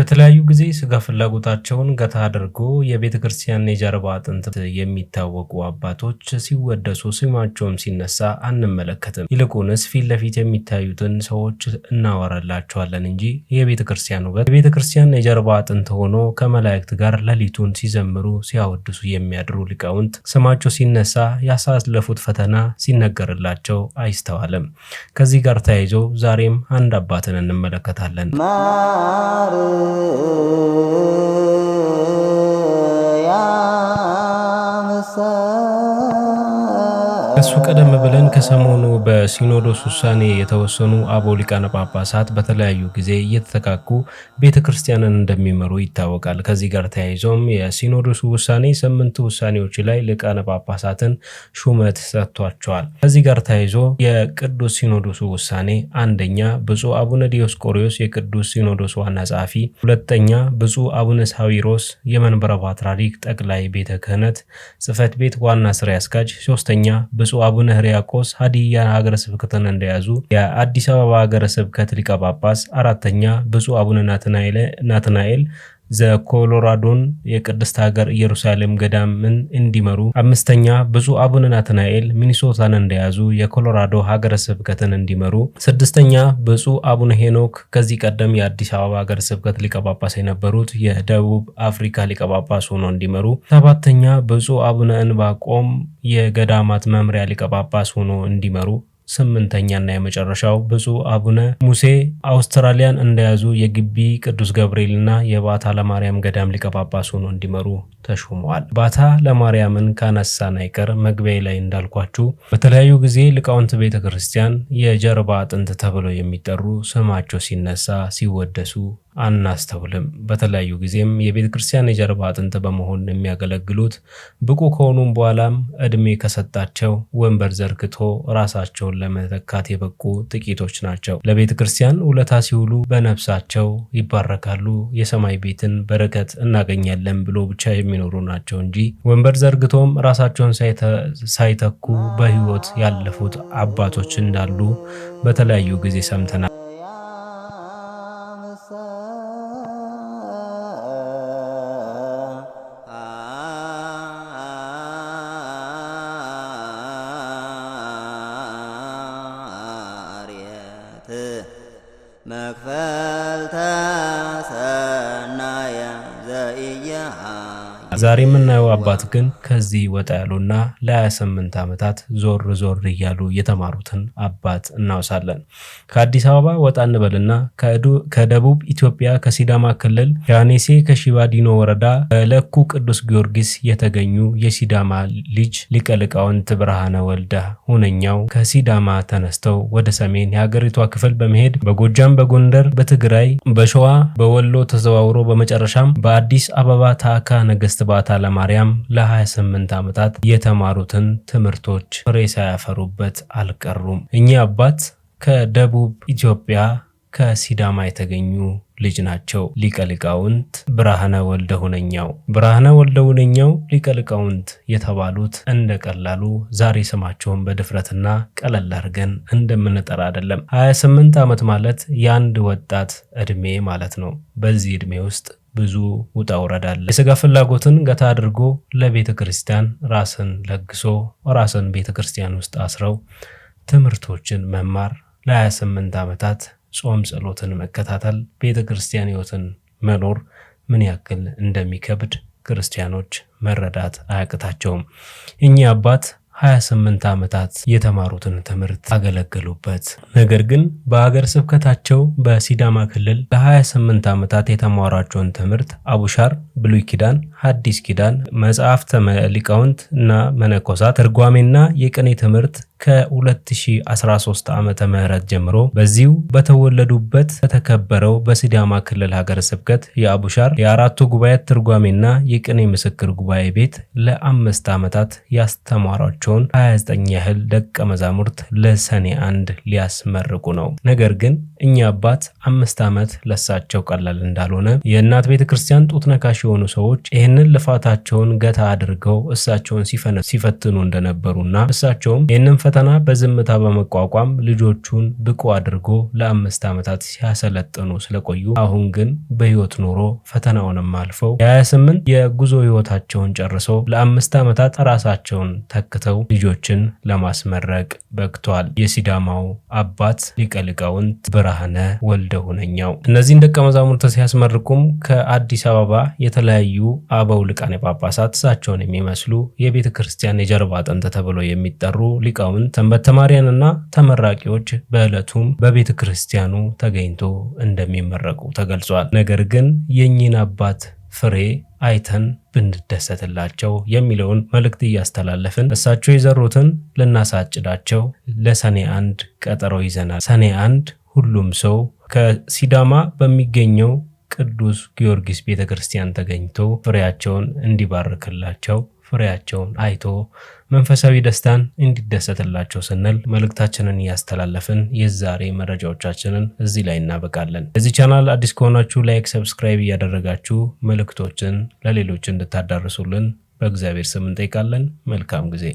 በተለያዩ ጊዜ ስጋ ፍላጎታቸውን ገታ አድርጎ የቤተ ክርስቲያን የጀርባ አጥንት የሚታወቁ አባቶች ሲወደሱ ስማቸውም ሲነሳ አንመለከትም። ይልቁንስ ፊት ለፊት የሚታዩትን ሰዎች እናወራላቸዋለን እንጂ የቤተ ክርስቲያን ውበት የቤተ ክርስቲያን የጀርባ አጥንት ሆኖ ከመላእክት ጋር ሌሊቱን ሲዘምሩ ሲያወድሱ የሚያድሩ ሊቃውንት ስማቸው ሲነሳ ያሳለፉት ፈተና ሲነገርላቸው አይስተዋልም። ከዚህ ጋር ተያይዞ ዛሬም አንድ አባትን እንመለከታለን። يا مساء ከሱ ቀደም ብለን ከሰሞኑ በሲኖዶስ ውሳኔ የተወሰኑ አበው ሊቃነ ጳጳሳት በተለያዩ ጊዜ እየተተካኩ ቤተ ክርስቲያንን እንደሚመሩ ይታወቃል። ከዚህ ጋር ተያይዞም የሲኖዶሱ ውሳኔ ስምንቱ ውሳኔዎች ላይ ሊቃነ ጳጳሳትን ሹመት ሰጥቷቸዋል። ከዚህ ጋር ተያይዞ የቅዱስ ሲኖዶሱ ውሳኔ አንደኛ፣ ብፁዕ አቡነ ዲዮስቆሪዮስ የቅዱስ ሲኖዶስ ዋና ጸሐፊ፣ ሁለተኛ፣ ብፁዕ አቡነ ሳዊሮስ የመንበረ ፓትርያርክ ጠቅላይ ቤተ ክህነት ጽሕፈት ቤት ዋና ስራ አስኪያጅ፣ ሶስተኛ ብፁዕ አቡነ ህርያቆስ ሀዲያ ሀገረ ስብከትን እንደያዙ፣ የአዲስ አበባ ሀገረ ስብከት ሊቀ ጳጳስ አራተኛ ብፁዕ አቡነ ናትናኤል ዘኮሎራዶን የቅድስት ሀገር ኢየሩሳሌም ገዳምን እንዲመሩ፣ አምስተኛ ብፁዕ አቡነ ናትናኤል ሚኒሶታን እንደያዙ የኮሎራዶ ሀገረ ስብከትን እንዲመሩ፣ ስድስተኛ ብፁዕ አቡነ ሄኖክ ከዚህ ቀደም የአዲስ አበባ ሀገረ ስብከት ሊቀጳጳስ የነበሩት የደቡብ አፍሪካ ሊቀጳጳስ ሆኖ እንዲመሩ፣ ሰባተኛ ብፁዕ አቡነ እንባቆም የገዳማት መምሪያ ሊቀጳጳስ ሆኖ እንዲመሩ ስምንተኛና የመጨረሻው ብፁዕ አቡነ ሙሴ አውስትራሊያን እንደያዙ የግቢ ቅዱስ ገብርኤልና የባታ ለማርያም ገዳም ሊቀ ጳጳስ ሆኖ እንዲመሩ ተሾመዋል። ባታ ለማርያምን ካነሳን አይቀር መግቢያ ላይ እንዳልኳችሁ በተለያዩ ጊዜ ሊቃውንት ቤተ ክርስቲያን የጀርባ አጥንት ተብለው የሚጠሩ ስማቸው ሲነሳ ሲወደሱ አናስተውልም። በተለያዩ ጊዜም የቤተ ክርስቲያን የጀርባ አጥንት በመሆን የሚያገለግሉት ብቁ ከሆኑም በኋላም እድሜ ከሰጣቸው ወንበር ዘርግቶ ራሳቸውን ለመተካት የበቁ ጥቂቶች ናቸው። ለቤተ ክርስቲያን ውለታ ሲውሉ በነፍሳቸው ይባረካሉ፣ የሰማይ ቤትን በረከት እናገኛለን ብሎ ብቻ የሚኖሩ ናቸው እንጂ ወንበር ዘርግቶም ራሳቸውን ሳይተኩ በሕይወት ያለፉት አባቶች እንዳሉ በተለያዩ ጊዜ ሰምተናል። Mafalta sanaya zaiyaha ዛሬ የምናየው አባት ግን ከዚህ ወጣ ያሉና ለ28 ዓመታት ዞር ዞር እያሉ የተማሩትን አባት እናውሳለን። ከአዲስ አበባ ወጣ እንበልና ከደቡብ ኢትዮጵያ ከሲዳማ ክልል ያኔሴ ከሺባዲኖ ወረዳ በለኩ ቅዱስ ጊዮርጊስ የተገኙ የሲዳማ ልጅ ሊቀ ሊቃውንት ብርሃነ ወልደ ሁነኛው ከሲዳማ ተነስተው ወደ ሰሜን የሀገሪቷ ክፍል በመሄድ በጎጃም፣ በጎንደር፣ በትግራይ፣ በሸዋ፣ በወሎ ተዘዋውሮ በመጨረሻም በአዲስ አበባ ታዕካ ነገስት ባታ ለማርያም ለ28 ዓመታት የተማሩትን ትምህርቶች ፍሬ ሳያፈሩበት አልቀሩም። እኚህ አባት ከደቡብ ኢትዮጵያ ከሲዳማ የተገኙ ልጅ ናቸው። ሊቀ ሊቃውንት ብርሃነ ወልደ ሁነኛው። ብርሃነ ወልደ ሁነኛው ሊቀ ሊቃውንት የተባሉት እንደ ቀላሉ ዛሬ ስማቸውን በድፍረትና ቀለል አድርገን እንደምንጠራ አይደለም። 28 ዓመት ማለት የአንድ ወጣት ዕድሜ ማለት ነው። በዚህ ዕድሜ ውስጥ ብዙ ውጣ ውረድ አለ። የስጋ ፍላጎትን ገታ አድርጎ ለቤተ ክርስቲያን ራስን ለግሶ ራስን ቤተ ክርስቲያን ውስጥ አስረው ትምህርቶችን መማር ለ28 ዓመታት ጾም ጸሎትን መከታተል ቤተ ክርስቲያን ህይወትን መኖር ምን ያክል እንደሚከብድ ክርስቲያኖች መረዳት አያቅታቸውም። እኚህ አባት 28 ዓመታት የተማሩትን ትምህርት አገለገሉበት። ነገር ግን በአገር ስብከታቸው በሲዳማ ክልል ለ28 ዓመታት የተማሯቸውን ትምህርት አቡሻር ብሉይ ኪዳን፣ ሐዲስ ኪዳን፣ መጽሐፍተ ሊቃውንት እና መነኮሳት ትርጓሜና የቅኔ ትምህርት ከ2013 ዓመተ ምህረት ጀምሮ በዚሁ በተወለዱበት በተከበረው በሲዳማ ክልል ሀገረ ስብከት የአቡሻር የአራቱ ጉባኤያት ትርጓሜና የቅኔ ምስክር ጉባኤ ቤት ለአምስት ዓመታት ያስተማሯቸውን 29 ያህል ደቀ መዛሙርት ለሰኔ አንድ ሊያስመርቁ ነው። ነገር ግን እኛ አባት አምስት ዓመት ለሳቸው ቀላል እንዳልሆነ የእናት ቤተ ክርስቲያን ጡት ነካሽ የሆኑ ሰዎች ይህንን ልፋታቸውን ገታ አድርገው እሳቸውን ሲፈትኑ እንደነበሩና እሳቸውም ይህንን ፈተና በዝምታ በመቋቋም ልጆቹን ብቁ አድርጎ ለአምስት ዓመታት ሲያሰለጥኑ ስለቆዩ አሁን ግን በህይወት ኑሮ ፈተናውንም አልፈው የ28 የጉዞ ህይወታቸውን ጨርሰው ለአምስት ዓመታት ራሳቸውን ተክተው ልጆችን ለማስመረቅ በቅቷል። የሲዳማው አባት ሊቀ ሊቃውንት ብርሃነ ወልደ ሁነኛው እነዚህን ደቀ መዛሙርት ሲያስመርቁም ከአዲስ አበባ የተ የተለያዩ አበው ሊቃነ ጳጳሳት እሳቸውን የሚመስሉ የቤተ ክርስቲያን የጀርባ አጥንት ተብለው የሚጠሩ ሊቃውንት ሰንበት ተማሪያንና ተመራቂዎች በዕለቱም በቤተ ክርስቲያኑ ተገኝቶ እንደሚመረቁ ተገልጿል። ነገር ግን የእኚህን አባት ፍሬ አይተን ብንደሰትላቸው የሚለውን መልእክት እያስተላለፍን እሳቸው የዘሩትን ልናሳጭዳቸው ለሰኔ አንድ ቀጠሮ ይዘናል። ሰኔ አንድ ሁሉም ሰው ከሲዳማ በሚገኘው ቅዱስ ጊዮርጊስ ቤተ ክርስቲያን ተገኝቶ ፍሬያቸውን እንዲባርክላቸው ፍሬያቸውን አይቶ መንፈሳዊ ደስታን እንዲደሰትላቸው ስንል መልእክታችንን እያስተላለፍን የዛሬ መረጃዎቻችንን እዚህ ላይ እናበቃለን። እዚህ ቻናል አዲስ ከሆናችሁ ላይክ፣ ሰብስክራይብ እያደረጋችሁ መልእክቶችን ለሌሎች እንድታዳርሱልን በእግዚአብሔር ስም እንጠይቃለን። መልካም ጊዜ